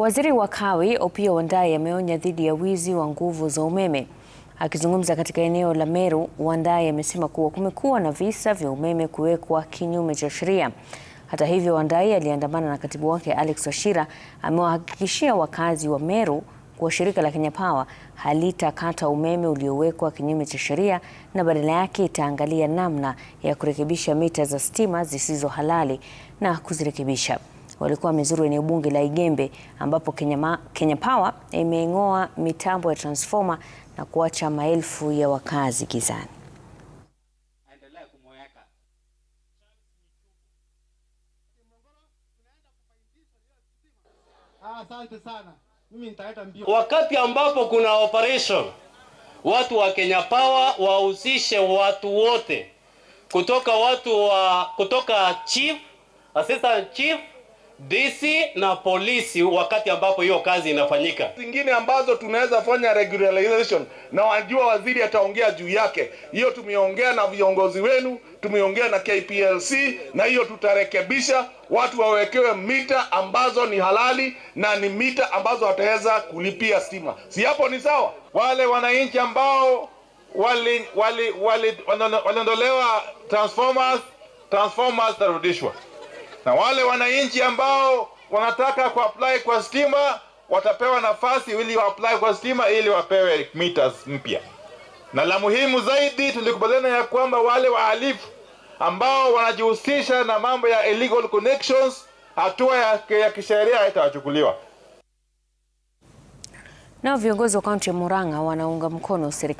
Waziri wa Kawi Opiyo Wandayi ameonya dhidi ya wizi wa nguvu za umeme. Akizungumza katika eneo la Meru, Wandayi amesema kuwa kumekuwa na visa vya umeme kuwekwa kinyume cha sheria. Hata hivyo, Wandayi aliyeandamana na katibu wake Alex Wachira amewahakikishia wakazi wa Meru kuwa shirika la Kenya Power halitakata umeme uliowekwa kinyume cha sheria na badala yake itaangalia namna ya kurekebisha mita za stima zisizo halali na kuzirekebisha walikuwa wamezuru eneo bunge la Igembe ambapo Kenya, Kenya Power imeing'oa mitambo ya transfoma na kuacha maelfu ya wakazi gizani. Wakati ambapo kuna operation, watu wa Kenya Power wahusishe watu wote kutoka watu wa kutoka chief, assistant chief DC na polisi wakati ambapo hiyo kazi inafanyika. Zingine ambazo tunaweza fanya regularization, na wajua waziri ataongea juu yake. Hiyo tumeongea na viongozi wenu, tumeongea na KPLC, na hiyo tutarekebisha, watu wawekewe mita ambazo ni halali na ni mita ambazo wataweza kulipia stima. Si hapo ni sawa? Wale wananchi ambao waliondolewa wali, wali, wali, transformers, transformers tarudishwa na wale wananchi ambao wanataka kuapply kwa stima watapewa nafasi ili waapply kwa stima ili wapewe meters mpya. Na la muhimu zaidi, tulikubaliana ya kwamba wale wahalifu ambao wanajihusisha na mambo ya illegal connections, hatua ya, ya kisheria itawachukuliwa. Nao viongozi wa kaunti ya Murang'a wanaunga mkono serikali